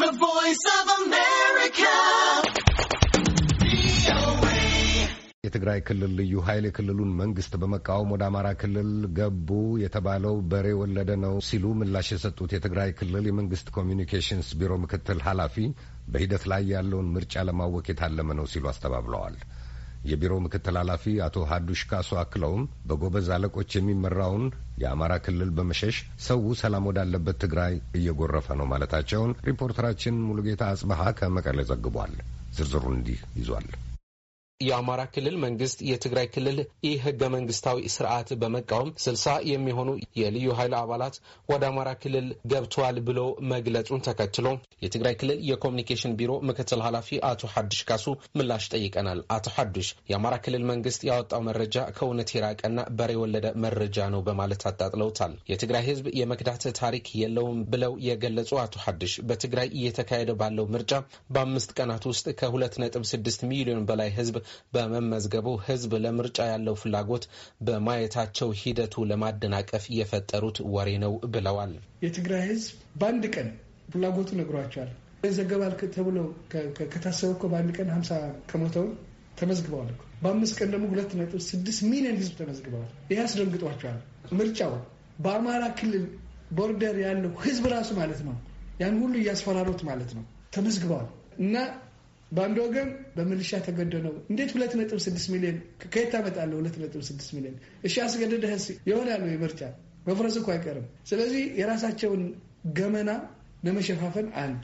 The Voice of America. የትግራይ ክልል ልዩ ኃይል የክልሉን መንግስት በመቃወም ወደ አማራ ክልል ገቡ የተባለው በሬ ወለደ ነው ሲሉ ምላሽ የሰጡት የትግራይ ክልል የመንግስት ኮሚኒኬሽንስ ቢሮ ምክትል ኃላፊ በሂደት ላይ ያለውን ምርጫ ለማወክ የታለመ ነው ሲሉ አስተባብለዋል። የቢሮ ምክትል ኃላፊ አቶ ሀዱሽ ካሶ አክለውም በጎበዝ አለቆች የሚመራውን የአማራ ክልል በመሸሽ ሰው ሰላም ወዳለበት ትግራይ እየጎረፈ ነው ማለታቸውን ሪፖርተራችን ሙሉጌታ አጽበሀ ከመቀለ ዘግቧል። ዝርዝሩ እንዲህ ይዟል። የአማራ ክልል መንግስት የትግራይ ክልል ኢ ህገ መንግስታዊ ስርዓት በመቃወም ስልሳ የሚሆኑ የልዩ ኃይል አባላት ወደ አማራ ክልል ገብተዋል ብሎ መግለጹን ተከትሎ የትግራይ ክልል የኮሚኒኬሽን ቢሮ ምክትል ኃላፊ አቶ ሐድሽ ካሱ ምላሽ ጠይቀናል። አቶ ሐድሽ የአማራ ክልል መንግስት ያወጣው መረጃ ከእውነት የራቀና በሬ የወለደ መረጃ ነው በማለት አጣጥለውታል። የትግራይ ህዝብ የመክዳት ታሪክ የለውም ብለው የገለጹ አቶ ሐድሽ በትግራይ እየተካሄደ ባለው ምርጫ በአምስት ቀናት ውስጥ ከ ስድስት ሚሊዮን በላይ ህዝብ በመመዝገቡ ህዝብ ለምርጫ ያለው ፍላጎት በማየታቸው ሂደቱ ለማደናቀፍ የፈጠሩት ወሬ ነው ብለዋል። የትግራይ ህዝብ በአንድ ቀን ፍላጎቱ ነግሯቸዋል። ይዘገባል ተብሎ ከታሰበ እኮ በአንድ ቀን ሀምሳ ከመቶው ተመዝግበዋል። በአምስት ቀን ደግሞ ሁለት ነጥብ ስድስት ሚሊዮን ህዝብ ተመዝግበዋል። ይህ አስደንግጧቸዋል። ምርጫው በአማራ ክልል ቦርደር ያለው ህዝብ ራሱ ማለት ነው ያን ሁሉ እያስፈራሩት ማለት ነው ተመዝግበዋል እና በአንድ ወገን በምልሻ ተገደው ነው። እንዴት ሁለት ነጥብ ስድስት ሚሊዮን ከየት ታመጣለህ? ሁለት ነጥብ ስድስት ሚሊዮን እሺ፣ አስገድደህስ ይሆናል ወይ? ምርጫ መፍረስ እኮ አይቀርም። ስለዚህ የራሳቸውን ገመና ለመሸፋፈን አንድ፣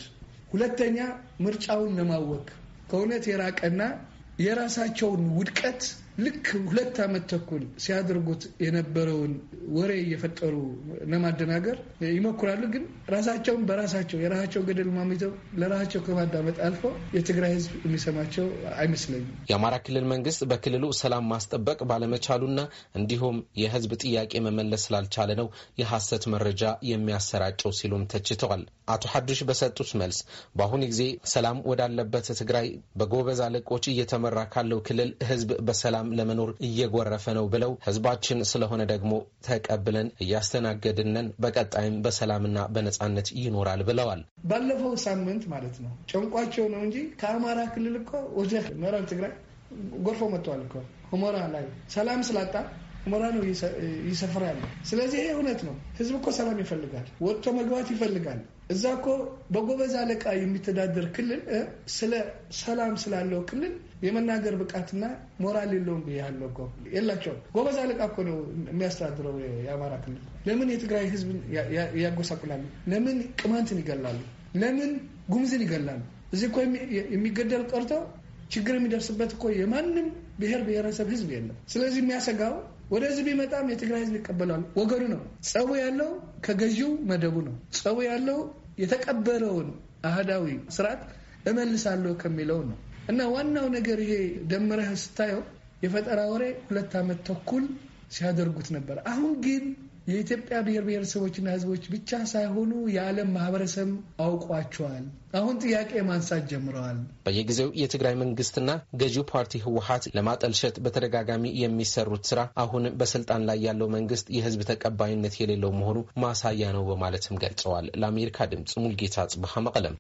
ሁለተኛ ምርጫውን ለማወክ ከእውነት የራቀና የራሳቸውን ውድቀት ልክ ሁለት ዓመት ተኩል ሲያደርጉት የነበረውን ወሬ እየፈጠሩ ለማደናገር ይሞክራሉ። ግን ራሳቸውን በራሳቸው የራሳቸው ገደል ማሚተው ለራሳቸው ከማዳመጥ አልፎ የትግራይ ሕዝብ የሚሰማቸው አይመስለኝም። የአማራ ክልል መንግስት በክልሉ ሰላም ማስጠበቅ ባለመቻሉና እንዲሁም የሕዝብ ጥያቄ መመለስ ስላልቻለ ነው የሐሰት መረጃ የሚያሰራጨው ሲሉም ተችተዋል። አቶ ሀዱሽ በሰጡት መልስ በአሁኑ ጊዜ ሰላም ወዳለበት ትግራይ በጎበዝ አለቆች እየተመራ ካለው ክልል ሕዝብ በሰላም በሰላም ለመኖር እየጎረፈ ነው ብለው ህዝባችን ስለሆነ ደግሞ ተቀብለን እያስተናገድነን በቀጣይም በሰላምና በነጻነት ይኖራል ብለዋል። ባለፈው ሳምንት ማለት ነው። ጨንቋቸው ነው እንጂ ከአማራ ክልል እኮ ወደ ምዕራብ ትግራይ ጎርፎ መጥተዋል እኮ ሁመራ ላይ ሰላም ስላጣ ሁመራ ነው ይሰፍር ያለው። ስለዚህ ይሄ እውነት ነው። ህዝብ እኮ ሰላም ይፈልጋል፣ ወጥቶ መግባት ይፈልጋል። እዛ እኮ በጎበዝ አለቃ የሚተዳደር ክልል ስለ ሰላም ስላለው ክልል የመናገር ብቃትና ሞራል የለውም ብያለሁ እኮ የላቸውም። ጎበዝ አለቃ እኮ ነው የሚያስተዳድረው የአማራ ክልል። ለምን የትግራይ ህዝብን ያጎሳቁላሉ? ለምን ቅማንትን ይገላሉ? ለምን ጉምዝን ይገላሉ? እዚህ እኮ የሚገደል ቀርተው ችግር የሚደርስበት እኮ የማንም ብሔር ብሔረሰብ ህዝብ የለም። ስለዚህ የሚያሰጋው ወደ ህዝብ ቢመጣም የትግራይ ህዝብ ይቀበላል ወገኑ ነው። ጸቡ ያለው ከገዢው መደቡ ነው። ጸቡ ያለው የተቀበለውን አህዳዊ ስርዓት እመልሳለሁ ከሚለው ነው እና ዋናው ነገር ይሄ ደምረህ ስታየው የፈጠራ ወሬ ሁለት ዓመት ተኩል ሲያደርጉት ነበር። አሁን ግን የኢትዮጵያ ብሔር ብሔረሰቦችና ሕዝቦች ብቻ ሳይሆኑ የዓለም ማህበረሰብ አውቋቸዋል። አሁን ጥያቄ ማንሳት ጀምረዋል። በየጊዜው የትግራይ መንግስትና ገዢው ፓርቲ ህወሀት ለማጠልሸት በተደጋጋሚ የሚሰሩት ስራ አሁን በስልጣን ላይ ያለው መንግስት የህዝብ ተቀባይነት የሌለው መሆኑ ማሳያ ነው በማለትም ገልጸዋል። ለአሜሪካ ድምፅ ሙልጌታ ጽብሃ መቀለም